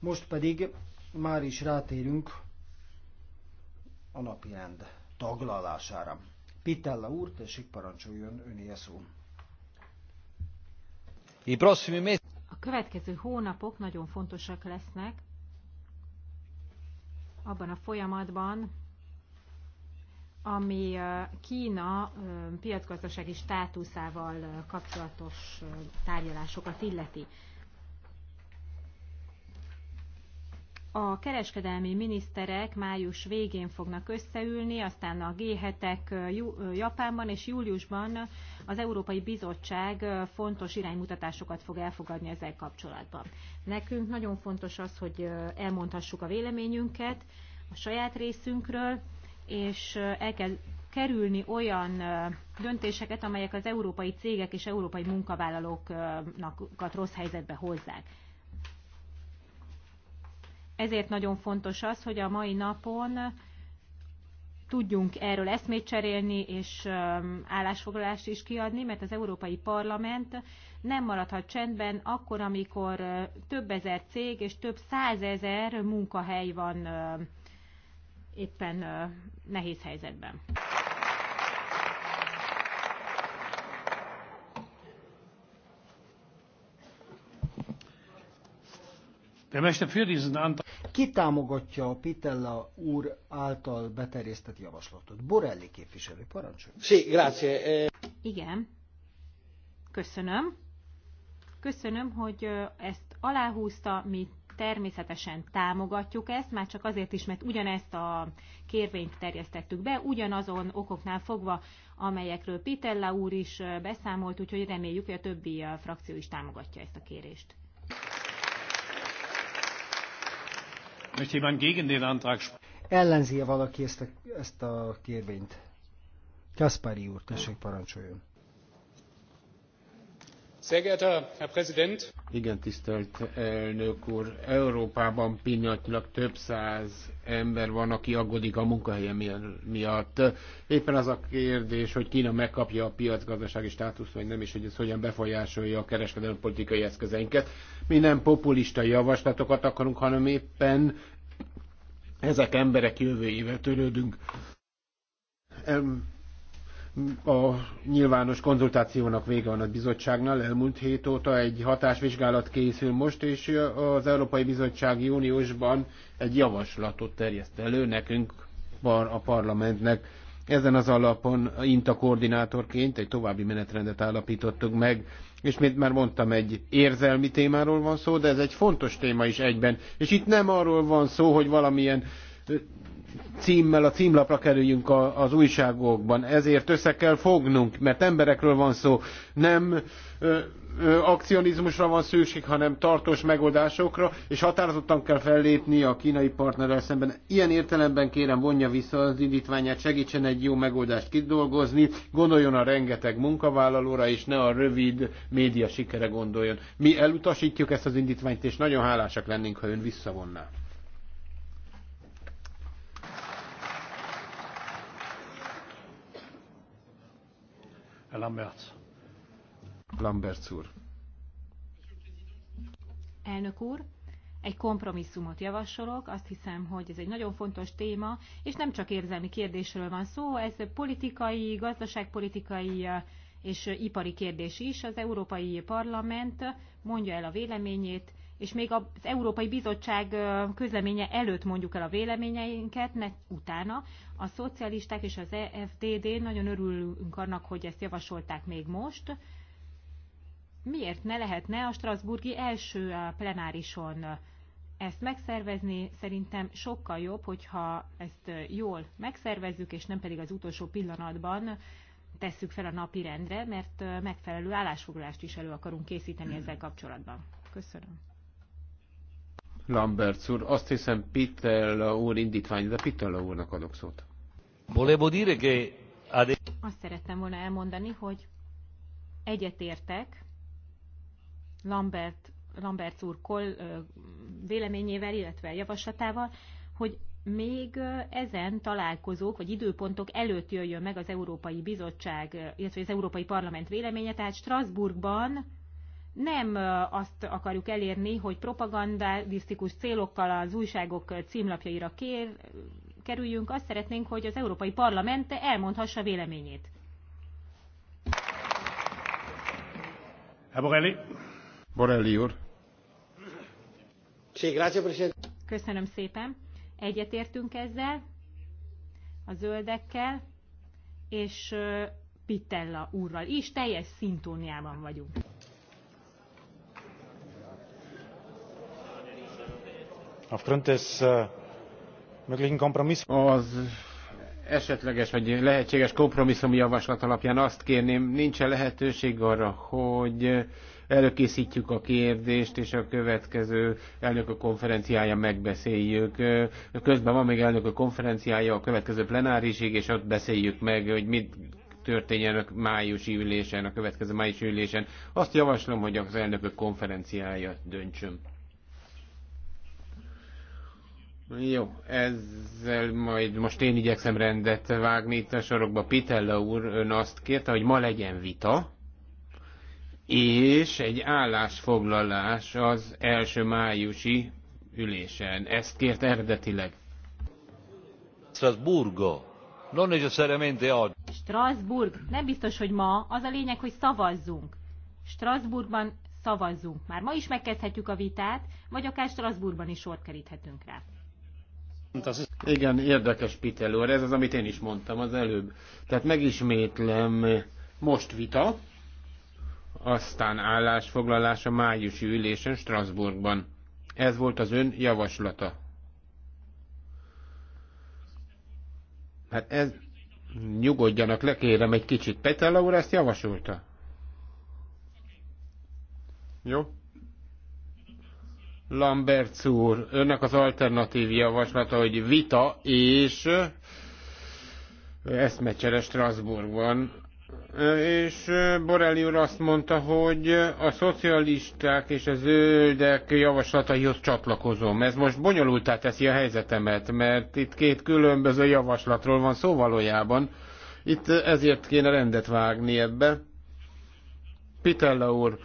Most pedig már is rátérünk a napirend taglalására. Pitella úr, tessék parancsoljon öné szó. A következő hónapok nagyon fontosak lesznek abban a folyamatban, ami Kína piacgazdasági státuszával kapcsolatos tárgyalásokat illeti. A kereskedelmi miniszterek május végén fognak összeülni, aztán a G7-ek Japánban és júliusban az Európai Bizottság fontos iránymutatásokat fog elfogadni ezzel kapcsolatban. Nekünk nagyon fontos az, hogy elmondhassuk a véleményünket a saját részünkről, és el kell kerülni olyan döntéseket, amelyek az európai cégek és európai munkavállalóknak rossz helyzetbe hozzák. Ezért nagyon fontos az, hogy a mai napon tudjunk erről eszmét cserélni és állásfoglalást is kiadni, mert az Európai Parlament nem maradhat csendben akkor, amikor több ezer cég és több százezer munkahely van éppen nehéz helyzetben. Wer möchte für diesen Antrag? támogatja a Pitella úr által beterjesztett javaslatot. Borelli képviselő, parancsolj. Sí, grazie. Eh, Igen. Köszönöm. Köszönöm, hogy ezt aláhúzta, mi természetesen támogatjuk ezt, már csak azért is, mert ugyanezt a kérvényt terjesztettük be, ugyanazon okoknál fogva, amelyekről Pitella úr is beszámolt, úgyhogy reméljük, hogy a többi frakció is támogatja ezt a kérést. Möchte jemand gegen den Antrag Ellenzi -e valaki ezt a, ezt a kérvényt? Kaspari úr, tessék parancsoljon. Igen, tisztelt elnök úr! Európában pillanatnyilag több száz ember van, aki aggódik a munkahelye miatt. Éppen az a kérdés, hogy Kína megkapja a piacgazdasági státuszt, vagy nem, és hogy ez hogyan befolyásolja a kereskedelmi politikai eszközeinket. Mi nem populista javaslatokat akarunk, hanem éppen ezek emberek jövőjével törődünk a nyilvános konzultációnak vége van a bizottságnál. Elmúlt hét óta egy hatásvizsgálat készül most, és az Európai Bizottság júniusban egy javaslatot terjeszt elő nekünk, a parlamentnek. Ezen az alapon INTA koordinátorként egy további menetrendet állapítottuk meg, és mint már mondtam, egy érzelmi témáról van szó, de ez egy fontos téma is egyben. És itt nem arról van szó, hogy valamilyen címmel a címlapra kerüljünk a, az újságokban. Ezért össze kell fognunk, mert emberekről van szó. Nem ö, ö, akcionizmusra van szükség, hanem tartós megoldásokra, és határozottan kell fellépni a kínai partnerrel szemben. Ilyen értelemben kérem, vonja vissza az indítványát, segítsen egy jó megoldást kidolgozni, gondoljon a rengeteg munkavállalóra, és ne a rövid média sikere gondoljon. Mi elutasítjuk ezt az indítványt, és nagyon hálásak lennénk, ha ön visszavonná. Lambert. Lambert úr. Elnök úr, egy kompromisszumot javasolok, azt hiszem, hogy ez egy nagyon fontos téma, és nem csak érzelmi kérdésről van szó, ez politikai, gazdaságpolitikai és ipari kérdés is. Az Európai Parlament mondja el a véleményét, és még az Európai Bizottság közleménye előtt mondjuk el a véleményeinket, ne utána a szocialisták és az EFTD nagyon örülünk annak, hogy ezt javasolták még most. Miért ne lehetne a Strasburgi első plenárison ezt megszervezni? Szerintem sokkal jobb, hogyha ezt jól megszervezzük, és nem pedig az utolsó pillanatban tesszük fel a napi rendre, mert megfelelő állásfoglalást is elő akarunk készíteni ezzel kapcsolatban. Köszönöm. Lambert úr. Azt hiszem Pitella úr indítvány, de Pitella úrnak adok szót. azt szerettem volna elmondani, hogy egyetértek Lambert, Lambert úr Koll véleményével, illetve javaslatával, hogy még ezen találkozók vagy időpontok előtt jöjjön meg az Európai Bizottság, illetve az Európai Parlament véleménye, tehát Strasbourgban nem azt akarjuk elérni, hogy propagandisztikus célokkal az újságok címlapjaira kér, kerüljünk, azt szeretnénk, hogy az Európai Parlament elmondhassa véleményét. Borelli. Borelli úr. Köszönöm szépen. Egyetértünk ezzel, a zöldekkel, és Pitella úrral is teljes szintóniában vagyunk. aufgrund des eh, möglichen kompromisses. Az esetleges vagy lehetséges kompromisszum javaslat alapján azt kérném, nincs -e lehetőség arra, hogy előkészítjük a kérdést, és a következő elnökök konferenciája megbeszéljük. Közben van még elnökök konferenciája, a következő plenárisig, és ott beszéljük meg, hogy mit történjen a májusi ülésen, a következő májusi ülésen. Azt javaslom, hogy az elnökök konferenciája döntsön. Jó, ezzel majd most én igyekszem rendet vágni itt a sorokba. Pitella úr, ön azt kérte, hogy ma legyen vita, és egy állásfoglalás az első májusi ülésen. Ezt kért eredetileg. Strasburgo. Non necessariamente oggi. Strasbourg. Nem biztos, hogy ma. Az a lényeg, hogy szavazzunk. Strasbourgban szavazzunk. Már ma is megkezdhetjük a vitát, vagy akár Strasbourgban is sort keríthetünk rá. Igen, érdekes Pitel ez az, amit én is mondtam az előbb. Tehát megismétlem, most vita, aztán állásfoglalás a májusi ülésen Strasbourgban. Ez volt az ön javaslata. Hát ez... Nyugodjanak lekérem egy kicsit. Petella úr ezt javasolta. Jó. Lamberts úr, önnek az alternatív javaslata, hogy vita és eh, eszmecsere Strasbourgban. Eh, és eh, Borelli úr azt mondta, hogy a szocialisták és a zöldek javaslataihoz csatlakozom. Ez most bonyolultá teszi a helyzetemet, mert itt két különböző javaslatról van szó valójában. Itt ezért kéne rendet vágni ebbe. Pitella úr,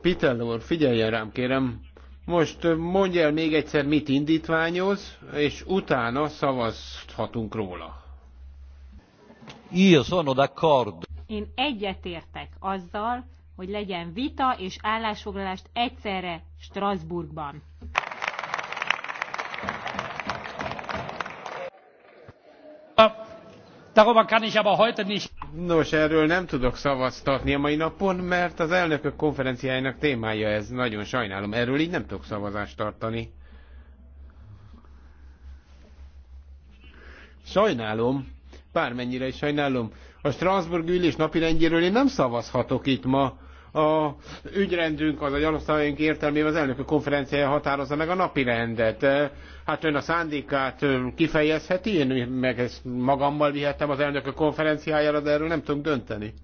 Pitella úr, figyeljen rám, kérem most mondja el még egyszer, mit indítványoz, és utána szavazhatunk róla. Io sono d'accordo. Én egyetértek azzal, hogy legyen vita és állásfoglalást egyszerre Strasbourgban. Darüber kann ich aber heute nicht. Nos, erről nem tudok szavaztatni a mai napon, mert az elnökök konferenciájának témája ez. Nagyon sajnálom, erről így nem tudok szavazást tartani. Sajnálom, bármennyire is sajnálom. A Strasbourg ülés napirendjéről én nem szavazhatok itt ma a ügyrendünk, az a gyanasztalóink értelmében az elnökök konferenciája határozza meg a napi rendet. Hát ön a szándékát kifejezheti, én meg ezt magammal vihettem az elnökök konferenciájára, de erről nem tudunk dönteni.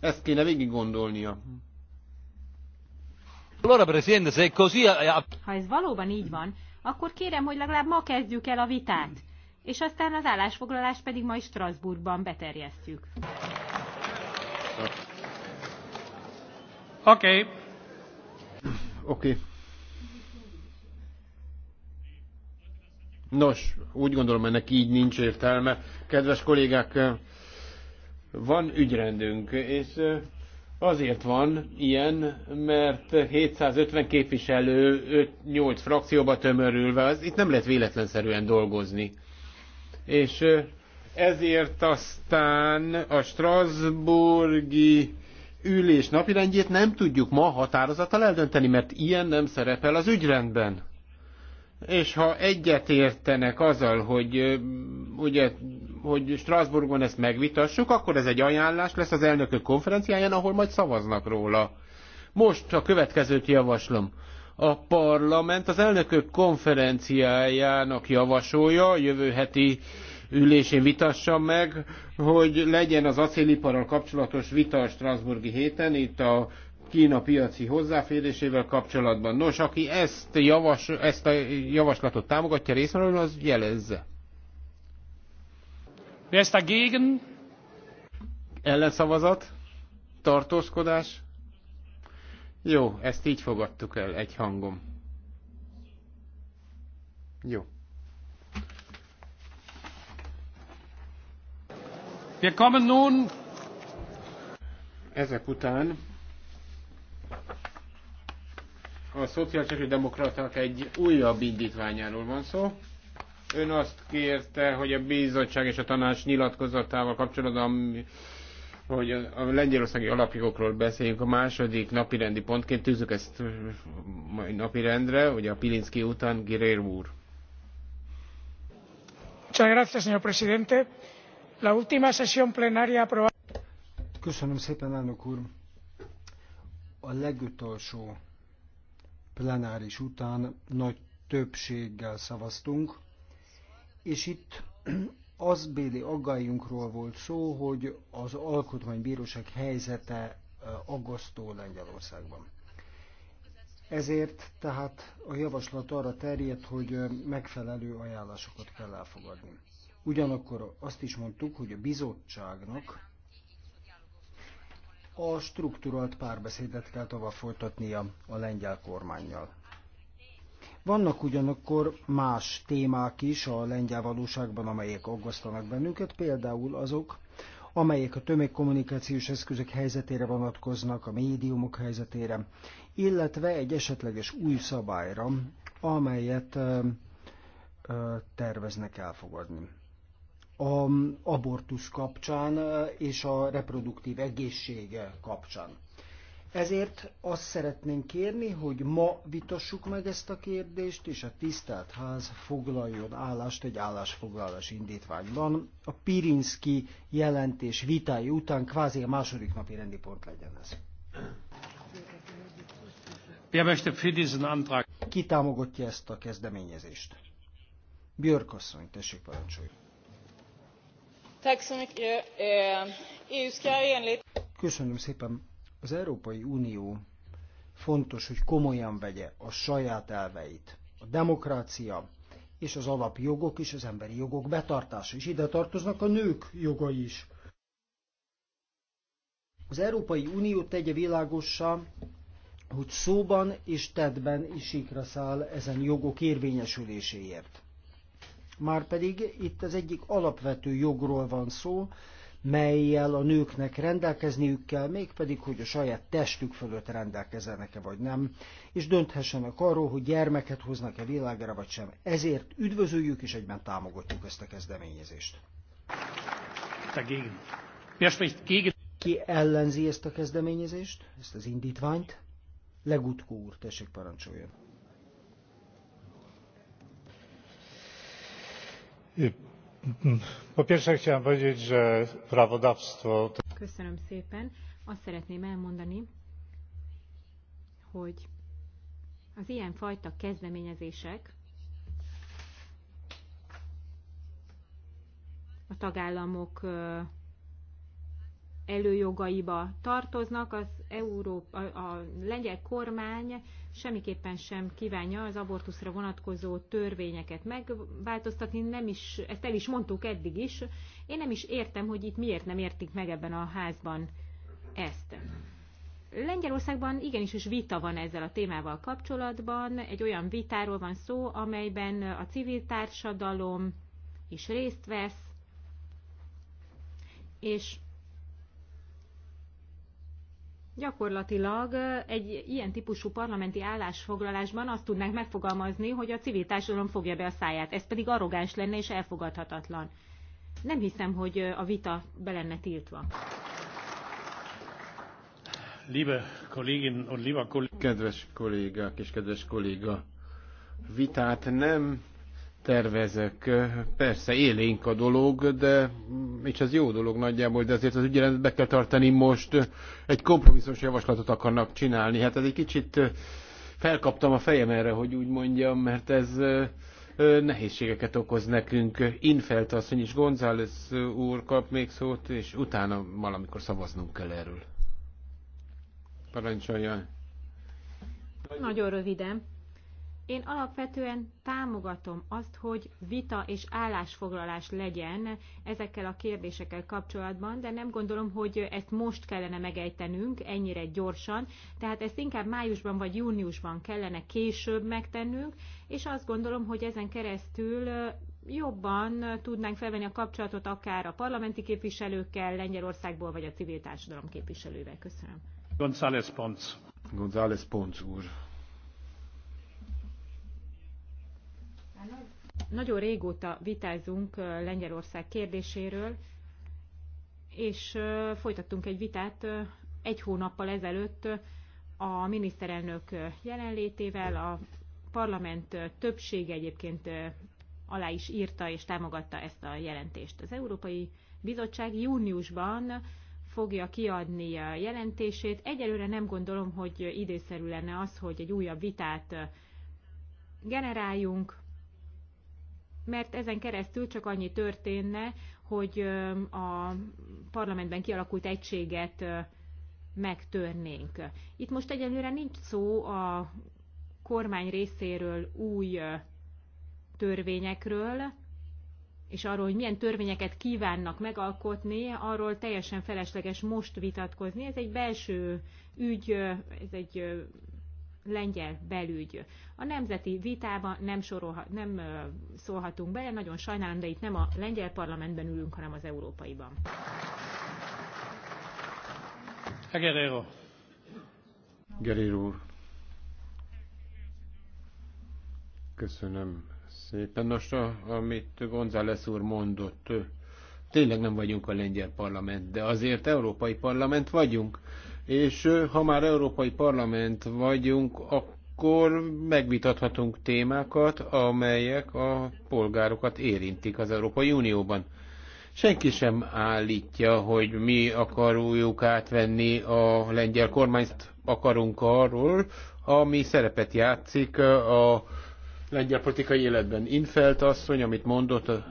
Ezt kéne végig gondolnia. Eh, eh, ha ez valóban így van, akkor kérem, hogy legalább ma kezdjük el a vitát, és aztán az állásfoglalást pedig ma is Strasbourgban beterjesztjük. Oké. Okay. Oké. Okay. Nos, úgy gondolom, ennek így nincs értelme. Kedves kollégák, van ügyrendünk, és azért van ilyen, mert 750 képviselő 5-8 frakcióba tömörülve, az itt nem lehet véletlenszerűen dolgozni. És ezért aztán a Strasburgi ülés napirendjét nem tudjuk ma határozattal eldönteni, mert ilyen nem szerepel az ügyrendben. És ha egyet értenek azzal, hogy, ugye, hogy Strasbourgban ezt megvitassuk, akkor ez egy ajánlás lesz az elnökök konferenciáján, ahol majd szavaznak róla. Most a következőt javaslom. A parlament az elnökök konferenciájának javasolja jövő heti ülésén vitassa meg, hogy legyen az acéliparral kapcsolatos vita a Strasburgi héten, itt a Kína piaci hozzáférésével kapcsolatban. Nos, aki ezt, javas, ezt a javaslatot támogatja részről, az jelezze. Ezt a gégen? Ellenszavazat? Tartózkodás? Jó, ezt így fogadtuk el egy hangom. Jó. Wir kommen nun ezek után a szociális demokraták egy újabb indítványáról van szó. Ön azt kérte, hogy a bizottság és a tanács nyilatkozatával kapcsolatban, hogy a lengyelországi alapjogokról beszéljünk a második napirendi pontként, Tűzzük ezt majd napirendre, ugye a Pilinszki után Girér úr. Muchas gracias, señor presidente La última sesión plenaria aprobada. Köszönöm szépen, elnök úr. A legutolsó plenáris után nagy többséggel szavaztunk, és itt az béli aggályunkról volt szó, hogy az alkotmánybíróság helyzete aggasztó Lengyelországban. Ezért tehát a javaslat arra terjed, hogy megfelelő ajánlásokat kell elfogadni. Ugyanakkor azt is mondtuk, hogy a bizottságnak a struktúrált párbeszédet kell tovább folytatnia a lengyel kormányjal. Vannak ugyanakkor más témák is a lengyel valóságban, amelyek aggasztanak bennünket, például azok, amelyek a tömegkommunikációs eszközök helyzetére vonatkoznak, a médiumok helyzetére, illetve egy esetleges új szabályra, amelyet terveznek elfogadni a abortusz kapcsán és a reproduktív egészség kapcsán. Ezért azt szeretnénk kérni, hogy ma vitassuk meg ezt a kérdést, és a tisztelt ház foglaljon állást egy állásfoglalás indítványban. A Pirinski jelentés vitái után kvázi a második napi rendi pont legyen ez. Ki támogatja ezt a kezdeményezést? Björk asszony, tessék parancsoljuk. Eh, eh, e Köszönöm szépen. Az Európai Unió fontos, hogy komolyan vegye a saját elveit. A demokrácia és az alapjogok és az emberi jogok betartása is. Ide tartoznak a nők jogai is. Az Európai Unió tegye világossá, hogy szóban és tettben is síkra száll ezen jogok érvényesüléséért. Márpedig itt az egyik alapvető jogról van szó, melyel a nőknek rendelkezniük kell, mégpedig, hogy a saját testük fölött rendelkezzenek-e vagy nem, és dönthessenek arról, hogy gyermeket hoznak-e világra vagy sem. Ezért üdvözöljük és egyben támogatjuk ezt a kezdeményezést. Ki ellenzi ezt a kezdeményezést, ezt az indítványt? Legutkó úr, tessék parancsoljon. Mm, po pierwsze chciałem powiedzieć, że prawodawstwo... Köszönöm szépen. Azt szeretném elmondani, hogy az ilyen fajta kezdeményezések a tagállamok előjogaiba tartoznak, az Európa, a lengyel kormány semmiképpen sem kívánja az abortuszra vonatkozó törvényeket megváltoztatni, nem is, ezt el is mondtuk eddig is. Én nem is értem, hogy itt miért nem értik meg ebben a házban ezt. Lengyelországban igenis is vita van ezzel a témával kapcsolatban. Egy olyan vitáról van szó, amelyben a civil társadalom is részt vesz, és Gyakorlatilag egy ilyen típusú parlamenti állásfoglalásban azt tudnánk megfogalmazni, hogy a civil társadalom fogja be a száját. Ez pedig arrogáns lenne és elfogadhatatlan. Nem hiszem, hogy a vita be lenne tiltva. Liebe Kollegin und lieber Kollegen. Kedves kollégák és kedves kolléga, vitát nem tervezek. Persze élénk a dolog, de és az jó dolog nagyjából, de azért az ügyeletet be kell tartani most. Egy kompromisszós javaslatot akarnak csinálni. Hát ez egy kicsit felkaptam a fejem erre, hogy úgy mondjam, mert ez nehézségeket okoz nekünk. Infelt asszony és González úr kap még szót, és utána valamikor szavaznunk kell erről. Parancsoljon. Nagyon röviden. Én alapvetően támogatom azt, hogy vita és állásfoglalás legyen ezekkel a kérdésekkel kapcsolatban, de nem gondolom, hogy ezt most kellene megejtenünk ennyire gyorsan, tehát ezt inkább májusban vagy júniusban kellene később megtennünk, és azt gondolom, hogy ezen keresztül jobban tudnánk felvenni a kapcsolatot akár a parlamenti képviselőkkel, Lengyelországból vagy a civil társadalom képviselővel. Köszönöm. González Ponc. González Ponc úr. Nagyon régóta vitázunk Lengyelország kérdéséről, és folytattunk egy vitát egy hónappal ezelőtt a miniszterelnök jelenlétével. A parlament többsége egyébként alá is írta és támogatta ezt a jelentést. Az Európai Bizottság júniusban fogja kiadni a jelentését. Egyelőre nem gondolom, hogy időszerű lenne az, hogy egy újabb vitát generáljunk mert ezen keresztül csak annyi történne, hogy a parlamentben kialakult egységet megtörnénk. Itt most egyelőre nincs szó a kormány részéről új törvényekről, és arról, hogy milyen törvényeket kívánnak megalkotni, arról teljesen felesleges most vitatkozni. Ez egy belső ügy, ez egy lengyel belügy. A nemzeti vitába nem, sorolha, nem szólhatunk bele, nagyon sajnálom, de itt nem a lengyel parlamentben ülünk, hanem az európaiban. Gerero. Gerero. úr. Köszönöm szépen. Nos, amit González úr mondott, tényleg nem vagyunk a lengyel parlament, de azért európai parlament vagyunk és ha már Európai Parlament vagyunk, akkor megvitathatunk témákat, amelyek a polgárokat érintik az Európai Unióban. Senki sem állítja, hogy mi akarjuk átvenni a lengyel kormányt, akarunk arról, ami szerepet játszik a lengyel politikai életben. Infelt asszony, amit mondott a,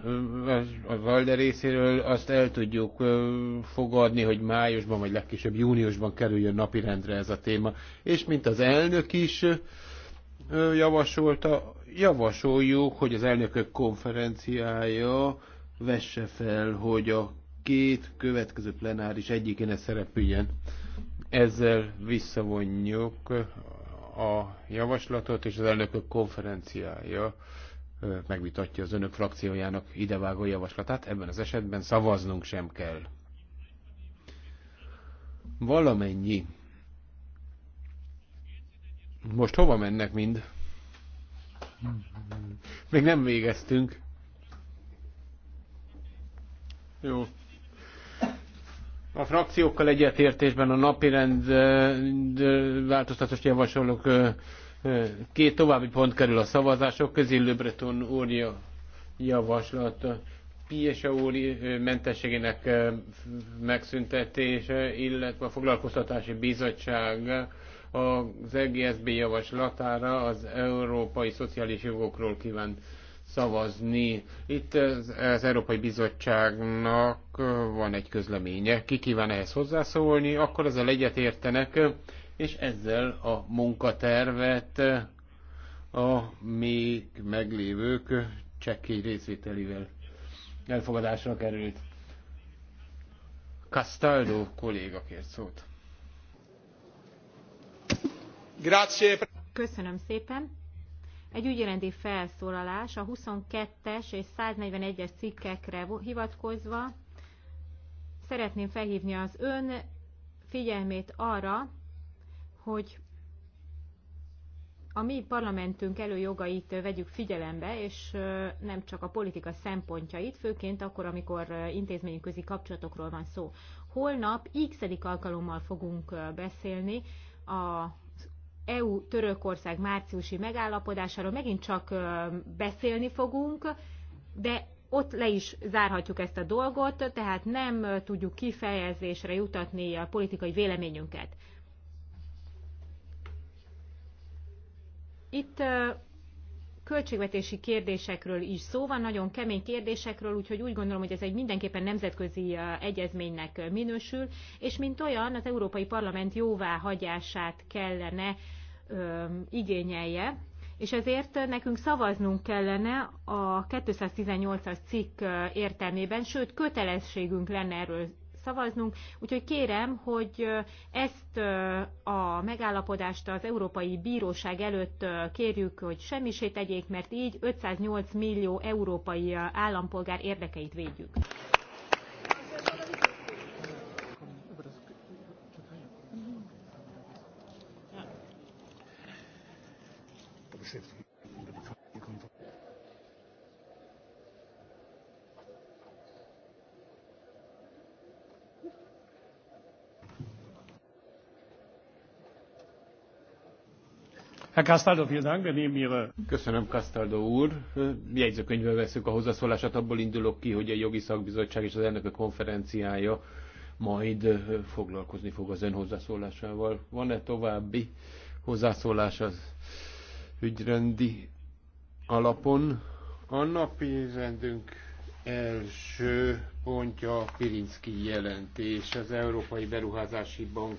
a Valde részéről, azt el tudjuk fogadni, hogy májusban vagy legkisebb júniusban kerüljön napirendre ez a téma. És mint az elnök is javasolta, javasoljuk, hogy az elnökök konferenciája vesse fel, hogy a két következő plenáris egyikéne szerepüljen. Ezzel visszavonjuk a javaslatot, és az elnökök konferenciája megvitatja az önök frakciójának idevágó javaslatát. Ebben az esetben szavaznunk sem kell. Valamennyi. Most hova mennek mind? Még nem végeztünk. Jó. A frakciókkal egyetértésben a napirend változtatást javasolok. Két további pont kerül a szavazások közé, Löbreton úrja javaslat Piesa úr mentességének megszüntetése, illetve a foglalkoztatási bizottság az EGSB javaslatára az európai szociális jogokról kívánt szavazni. Itt az, az Európai Bizottságnak van egy közleménye. Ki kíván ehhez hozzászólni, akkor ezzel egyetértenek, és ezzel a munkatervet a még meglévők csekély részvételével elfogadásra került. Castaldo kolléga kért szót. Grazie. Köszönöm szépen. Egy ügyrendi felszólalás a 22-es és 141-es cikkekre hivatkozva szeretném felhívni az ön figyelmét arra, hogy a mi parlamentünk előjogait vegyük figyelembe, és nem csak a politika szempontjait, főként akkor, amikor intézményközi kapcsolatokról van szó. Holnap x alkalommal fogunk beszélni a EU-Törökország márciusi megállapodásáról megint csak beszélni fogunk, de ott le is zárhatjuk ezt a dolgot, tehát nem tudjuk kifejezésre jutatni a politikai véleményünket. Itt költségvetési kérdésekről is szó van, nagyon kemény kérdésekről, úgyhogy úgy gondolom, hogy ez egy mindenképpen nemzetközi egyezménynek minősül, és mint olyan az Európai Parlament jóváhagyását kellene ö, igényelje, és ezért nekünk szavaznunk kellene a 218-as cikk értelmében, sőt kötelességünk lenne erről szavaznunk, úgyhogy kérem, hogy ezt a megállapodást az Európai Bíróság előtt kérjük, hogy semmisét tegyék, mert így 508 millió európai állampolgár érdekeit védjük. Herr Castaldo, vielen Dank, wir nehmen Ihre... Köszönöm, Castaldo úr. Jegyzőkönyvbe veszük a hozzászólását, abból indulok ki, hogy a jogi szakbizottság és az a konferenciája majd foglalkozni fog az ön hozzászólásával. Van-e további hozzászólás az ügyrendi alapon? A napi rendünk első pontja a Pirinszki jelentés, az Európai Beruházási Bank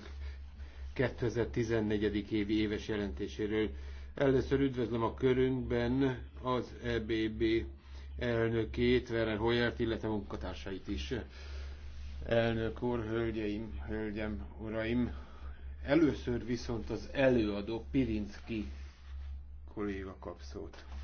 2014. évi éves jelentéséről. Először üdvözlöm a körünkben az EBB elnökét, Werner Hoyert, illetve munkatársait is. Elnök úr, hölgyeim, hölgyem, uraim, először viszont az előadó Pirinski kolléga kap szót.